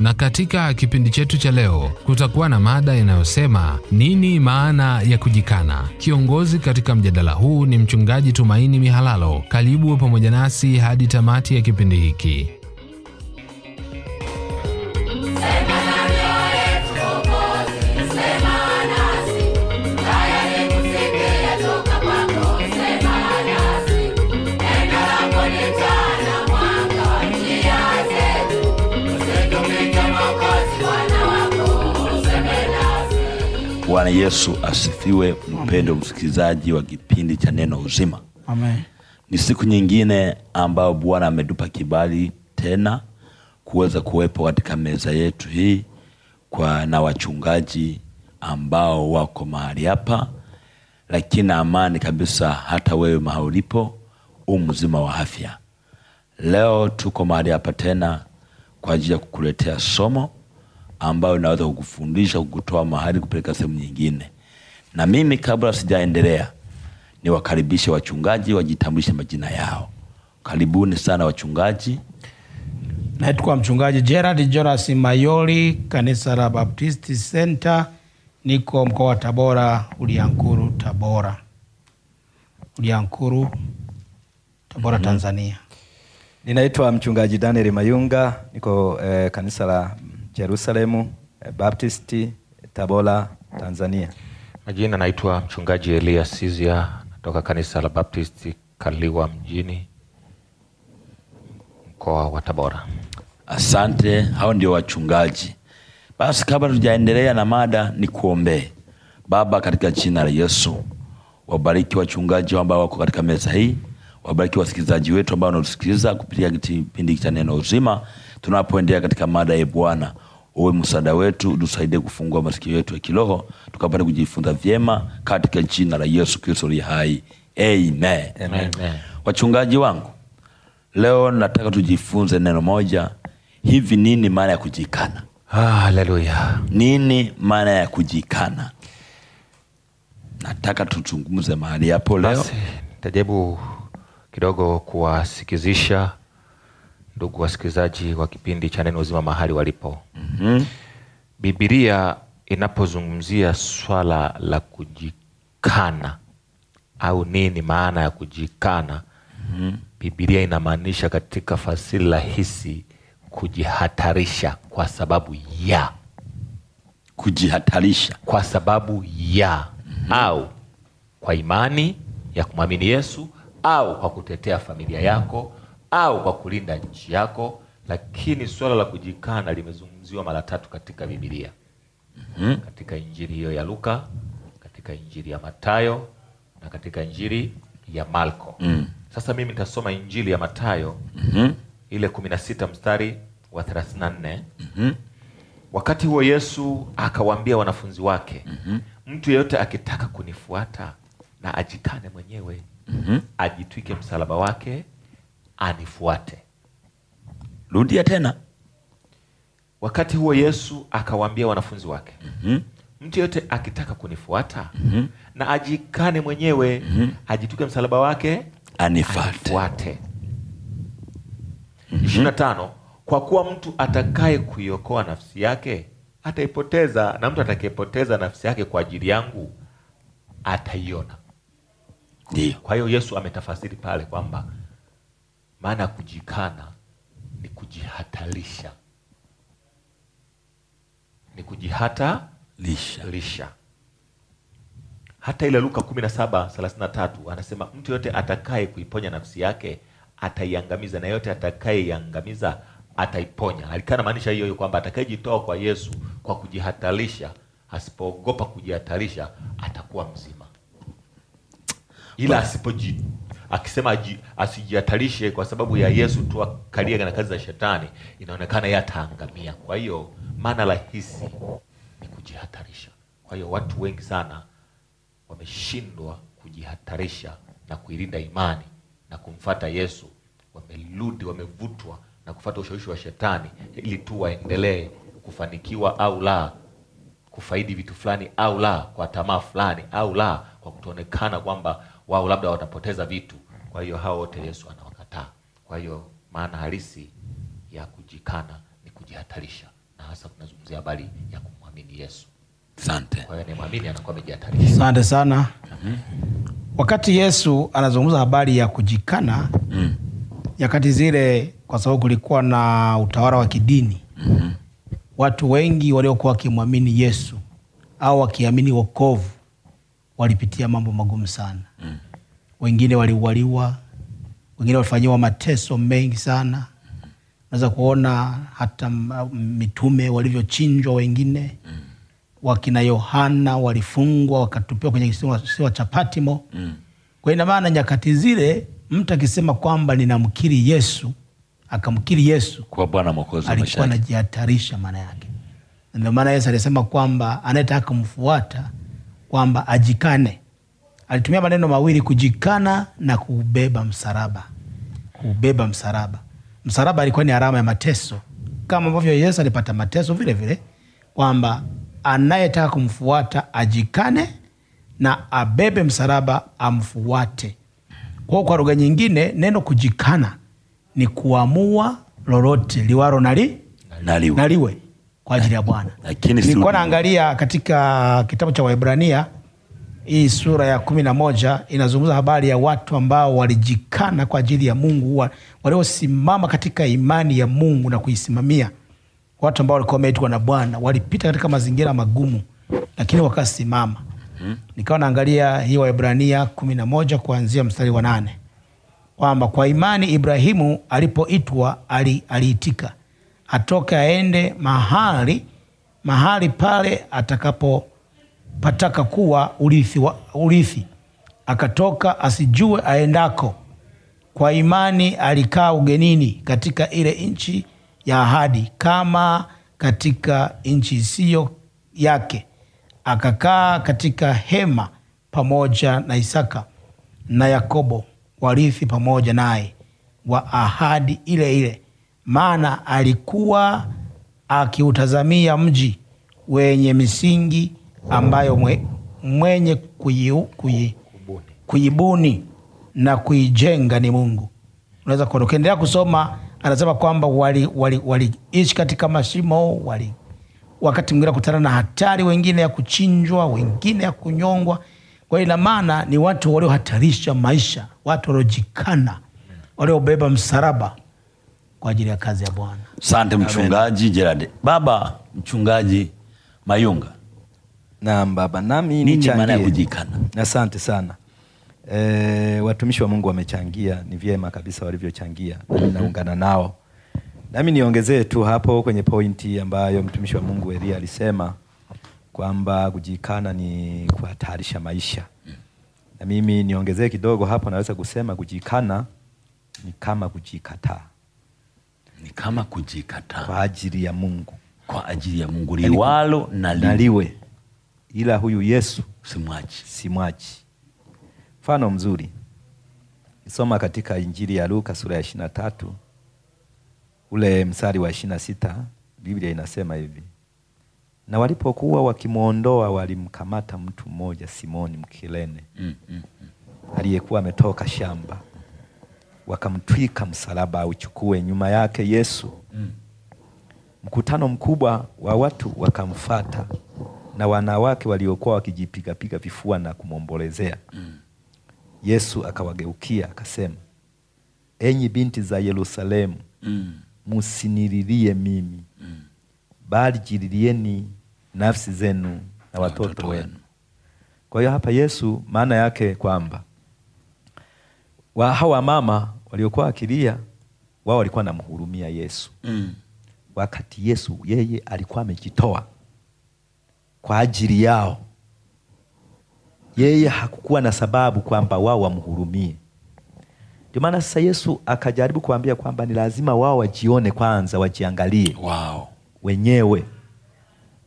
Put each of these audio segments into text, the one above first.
Na katika kipindi chetu cha leo kutakuwa na mada inayosema nini maana ya kujikana. Kiongozi katika mjadala huu ni mchungaji Tumaini Mihalalo. Karibu pamoja nasi hadi tamati ya kipindi hiki. Bwana Yesu asifiwe. Mpendo msikilizaji wa kipindi cha neno uzima, Amen. Ni siku nyingine ambayo Bwana ametupa kibali tena kuweza kuwepo katika meza yetu hii kwa na wachungaji ambao wako mahali hapa, lakini amani kabisa, hata wewe mahali ulipo u mzima wa afya. Leo tuko mahali hapa tena kwa ajili ya kukuletea somo ambayo inaweza kukufundisha kukutoa mahali kupeleka sehemu nyingine. Na mimi kabla sijaendelea, niwakaribishe wachungaji wajitambulishe majina yao. Karibuni sana wachungaji. Naitwa mchungaji Gerard Jonas Mayoli, kanisa la Baptist Center, niko mkoa wa Tabora, Uliankuru, Tabora, Uliankuru, Tabora, mm -hmm. Tanzania. Ninaitwa mchungaji Daniel Mayunga, niko eh, kanisa la Jerusalemu eh, Baptist eh, Tabora, Tanzania. Majina naitwa mchungaji Elia Sizia, natoka kanisa la Baptist Kaliwa mjini, mkoa wa Tabora. Asante, hao ndio wachungaji. Basi kabla tujaendelea na mada, ni kuombee. Baba, katika jina la Yesu, wabariki wachungaji ambao wako katika meza hii, wabariki wasikilizaji wetu ambao wanatusikiliza kupitia kipindi cha neno uzima tunapoendea katika mada ya Bwana uwe msaada wetu, tusaidie kufungua masikio yetu ya kiroho tukapata kujifunza vyema katika jina la Yesu Kristo hai Amen. Amen. Wachungaji wangu, leo nataka tujifunze neno moja hivi. Nini maana ya kujikana? Haleluya! Nini maana ya kujikana? Nataka tuzungumze mahali hapo leo. Tajabu kidogo kuwasikizisha ndugu wasikilizaji wa kipindi cha Neno Uzima mahali walipo. mm -hmm. Bibilia inapozungumzia swala la kujikana au nini maana ya kujikana, mm -hmm. Bibilia inamaanisha katika fasiri rahisi kujihatarisha kwa sababu ya kujihatarisha kwa sababu ya mm -hmm. au kwa imani ya kumwamini Yesu au kwa kutetea familia yako au kwa kulinda nchi yako, lakini suala la kujikana limezungumziwa mara tatu katika Biblia. mm -hmm. Katika Injili hiyo ya Luka, katika Injili ya Matayo na katika Injili ya Marko. mm. Sasa mimi nitasoma Injili ya Matayo mm -hmm. ile kumi na sita mstari wa 34. mm -hmm. Wakati huo Yesu akawaambia wanafunzi wake, mm -hmm. mtu yeyote akitaka kunifuata na ajikane mwenyewe, mm -hmm. ajitwike msalaba wake anifuate. Rudia tena. Wakati huo Yesu akawaambia wanafunzi wake, mm -hmm. mtu yeyote akitaka kunifuata mm -hmm. na ajikane mwenyewe mm -hmm. ajituke msalaba wake anifuate. Mhm. ishirini na tano kwa kuwa mtu atakaye kuiokoa nafsi yake ataipoteza, na mtu atakayepoteza nafsi yake kwa ajili yangu ataiona. Ndio, kwa hiyo Yesu ametafasiri pale kwamba maana kujikana ni kujihatarisha, ni kujihatarisha lisha. Hata ile Luka 17:33 anasema mtu yote atakaye kuiponya nafsi yake ataiangamiza, na yote atakayeiangamiza ataiponya. Alikana maanisha hiyo hiyo kwamba atakayejitoa kwa Yesu kwa kujihatarisha, asipoogopa kujihatarisha, atakuwa mzima, ila asipojitoa akisema asijihatarishe kwa sababu ya mm. Yesu tu akalia na kazi za shetani, inaonekana yeye ataangamia. Kwa hiyo maana rahisi ni kujihatarisha. Kwa hiyo watu wengi sana wameshindwa kujihatarisha na kuilinda imani na kumfata Yesu, wamerudi wamevutwa na kufata ushawishi wa shetani ili tu waendelee kufanikiwa au la, kufaidi vitu fulani au la, kwa tamaa fulani au la, kwa kutoonekana kwamba wao labda watapoteza vitu kwa hiyo hao wote Yesu anawakataa. Kwa hiyo maana halisi ya kujikana ni kujihatarisha, na hasa tunazungumzia habari ya kumwamini Yesu. Asante. Kwa hiyo ni mwamini anakuwa amejihatarisha. Asante sana. mm -hmm. Wakati Yesu anazungumza habari ya kujikana mm. nyakati zile, kwa sababu kulikuwa na utawala wa kidini mm -hmm. watu wengi waliokuwa wakimwamini Yesu au wakiamini wokovu walipitia mambo magumu sana mm wengine waliuwaliwa, wengine walifanyiwa mateso mengi sana. Unaweza kuona hata mitume walivyochinjwa, wengine wakina Yohana walifungwa wakatupiwa kwenye kisiwa cha Patimo. Kwa ina maana nyakati zile mtu akisema kwamba ninamkiri Yesu akamkiri Yesu kwa Bwana Mwokozi, alikuwa anajihatarisha maana yake. Ndio maana Yesu alisema kwamba anayetaka kumfuata kwamba ajikane alitumia maneno mawili, kujikana na kubeba msalaba. Kubeba msalaba, msalaba alikuwa ni alama ya mateso, kama ambavyo Yesu alipata mateso vile vile, kwamba anayetaka kumfuata ajikane na abebe msalaba amfuate. Kwa kwa lugha nyingine, neno kujikana ni kuamua lolote liwaro nali naliwe kwa ajili ya Bwana. Nilikuwa naangalia katika kitabu cha Waebrania hii sura ya kumi na moja inazungumza habari ya watu ambao walijikana kwa ajili ya Mungu, waliosimama katika imani ya Mungu na kuisimamia. Watu ambao walikuwa wameitwa na Bwana walipita katika mazingira magumu, lakini wakasimama. Hmm? Nikawa naangalia hii Waebrania kumi na moja kuanzia mstari wa nane kwamba kwa imani Ibrahimu alipoitwa aliitika, atoke aende mahali mahali pale atakapo pataka kuwa urithi, wa, urithi. Akatoka asijue aendako. Kwa imani alikaa ugenini katika ile nchi ya ahadi, kama katika nchi isiyo yake, akakaa katika hema pamoja na Isaka na Yakobo warithi pamoja naye wa ahadi ile ile, maana alikuwa akiutazamia mji wenye misingi ambayo mwe, mwenye kuibuni na kuijenga ni Mungu. Unaweza kuona ukiendelea kusoma, anasema kwamba waliishi wali, wali katika mashimo wali, wakati mwingine kutana na hatari, wengine ya kuchinjwa, wengine ya kunyongwa. Kwa hiyo ina maana ni watu waliohatarisha maisha, watu waliojikana, waliobeba msalaba kwa ajili ya kazi ya Bwana. Asante mchungaji Jerade. Baba mchungaji Mayunga, Naam baba, nami nini maana ya kujikana? Asante sana. E, watumishi wa Mungu wamechangia, ni vyema kabisa walivyochangia, na ninaungana nao. Nami niongezee tu hapo kwenye pointi ambayo mtumishi wa Mungu Elia alisema kwamba kujikana ni kuhatarisha maisha, na mimi niongezee kidogo hapo, naweza kusema kujikana ni kama kujikataa, ni kama kujikataa kwa ajili ya Mungu, kwa ajili ya Mungu, yaani liwalo na liwe ila huyu Yesu simwachi, simwachi. Mfano mzuri soma katika Injili ya Luka sura ya ishirini na tatu ule msari wa ishirini na sita Biblia inasema hivi: na walipokuwa wakimwondoa walimkamata mtu mmoja Simoni Mkirene mm, mm, mm. aliyekuwa ametoka shamba, wakamtwika msalaba uchukue nyuma yake Yesu mm. mkutano mkubwa wa watu wakamfata na wanawake waliokuwa wakijipigapiga vifua na kumwombolezea mm. Yesu akawageukia akasema, enyi binti za Yerusalemu, mm. musinililie mimi mm. bali jililieni nafsi zenu na watoto, watoto wenu. Kwa hiyo hapa Yesu maana yake kwamba wa hawa mama waliokuwa akilia wao walikuwa namhurumia Yesu mm. wakati Yesu yeye alikuwa amejitoa kwa ajili yao. Yeye hakukuwa na sababu kwamba wao wamhurumie. Ndio maana sasa Yesu akajaribu kuambia kwamba ni lazima wao wajione kwanza, wajiangalie wow, wenyewe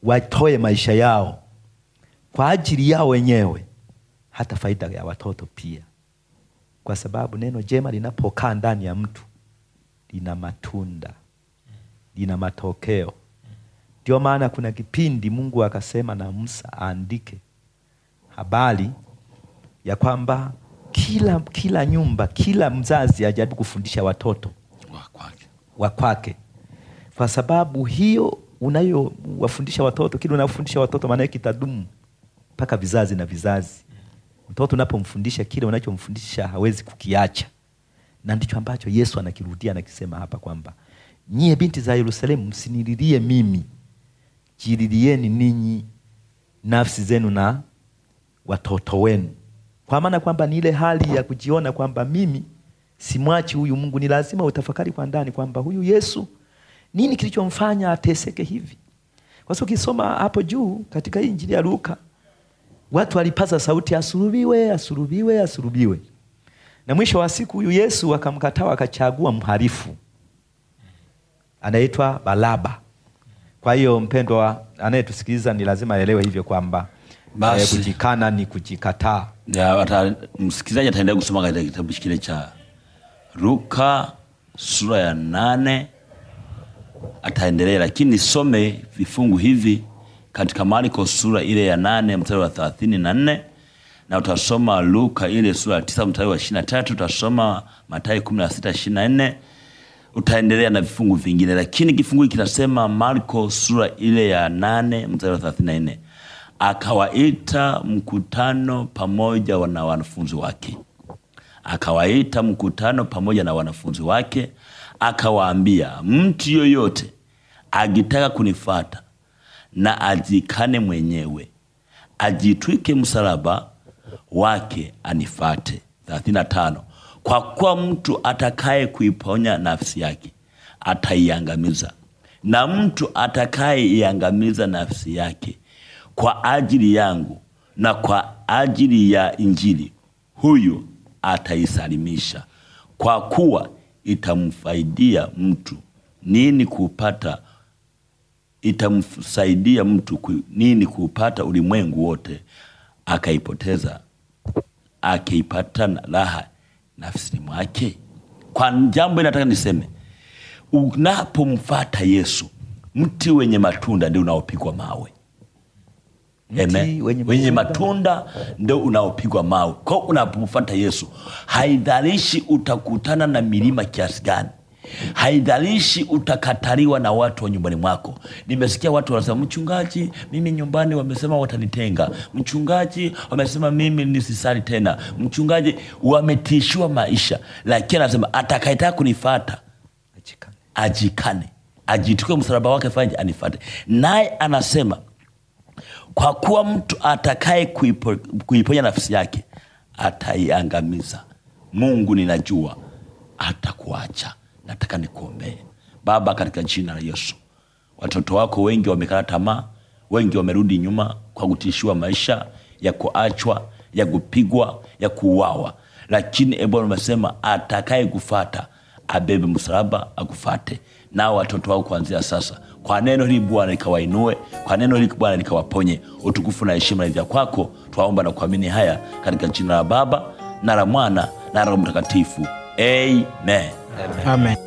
watoe maisha yao kwa ajili yao wenyewe, hata faida ya watoto pia, kwa sababu neno jema linapokaa ndani ya mtu lina matunda, lina matokeo. Ndio maana kuna kipindi Mungu akasema na Musa aandike habari ya kwamba kila, kila nyumba kila mzazi ajaribu kufundisha watoto wa kwake, kwa sababu hiyo unayowafundisha watoto, kile unafundisha watoto maana kitadumu mpaka vizazi na vizazi. Mtoto unapomfundisha kile unachomfundisha hawezi kukiacha, na ndicho ambacho Yesu anakirudia anakisema hapa kwamba nyie binti za Yerusalemu, msinililie mimi jililieni ninyi nafsi zenu na watoto wenu, kwa maana kwamba ni ile hali ya kujiona kwamba mimi simwachi huyu Mungu. Ni lazima utafakari kwa ndani kwamba huyu Yesu, nini kilichomfanya ateseke hivi? Kwa sababu ukisoma hapo juu katika Injili ya Luka, watu walipaza sauti, asulubiwe, asulubiwe, asulubiwe, na mwisho wa siku huyu Yesu wakamkataa, wakachagua mhalifu anaitwa Balaba. Kwa hiyo mpendwa anayetusikiliza ni lazima aelewe hivyo kwamba eh, kujikana ni kujikataa. Msikilizaji ataendelea kusoma katika kitabu kile cha Luka sura ya nane ataendelea, lakini some vifungu hivi katika Marko sura ile ya nane mstari wa thelathini na nne na utasoma Luka ile sura ya tisa mstari wa ishirini na tatu utasoma matai kumi na sita ishirini na nne utaendelea na vifungu vingine, lakini kifungu kinasema Marko sura ile ya nane mstari wa thelathini na nne akawaita mkutano pamoja na wanafunzi wake, akawaita mkutano pamoja na wanafunzi wake, akawaambia, mtu yoyote akitaka kunifata na ajikane mwenyewe, ajitwike msalaba wake anifate. 35 kwa kuwa mtu atakaye kuiponya nafsi yake ataiangamiza, na mtu atakaye iangamiza nafsi yake kwa ajili yangu na kwa ajili ya Injili, huyu ataisalimisha. Kwa kuwa itamfaidia mtu nini kupata itamsaidia mtu ku, nini kuupata ulimwengu wote akaipoteza, akaipata raha nafsini mwake kwa jambo nataka niseme unapomfata yesu mti wenye matunda ndio unaopigwa mawe Amen. wenye, wenye matunda ndio unaopigwa mawe kwao unapomfata yesu haidhalishi utakutana na milima kiasi gani haidhalishi utakataliwa na watu wa nyumbani mwako. Nimesikia watu wanasema, mchungaji, mimi nyumbani wamesema watanitenga, mchungaji, wamesema mimi nisisali tena, mchungaji, wametishiwa maisha, lakini anasema atakayetaka kunifata ajikane, ajituke msalaba wake, fanya anifate. Naye anasema kwa kuwa mtu atakaye kuipo, kuiponya nafsi yake ataiangamiza. Mungu ninajua atakuacha nataka nikuombee baba katika jina la yesu watoto wako wengi wamekata tamaa wengi wamerudi nyuma kwa kutishiwa maisha ya kuachwa ya kupigwa ya kuuawa lakini ebwana umesema atakaye kufata abebe msalaba akufate nao watoto wao kuanzia sasa kwa neno hili bwana likawainue kwa neno hili bwana likawaponye utukufu na heshima na vya kwako twaomba na kuamini haya katika jina la baba na la mwana na la mtakatifu amen Amen. Amen.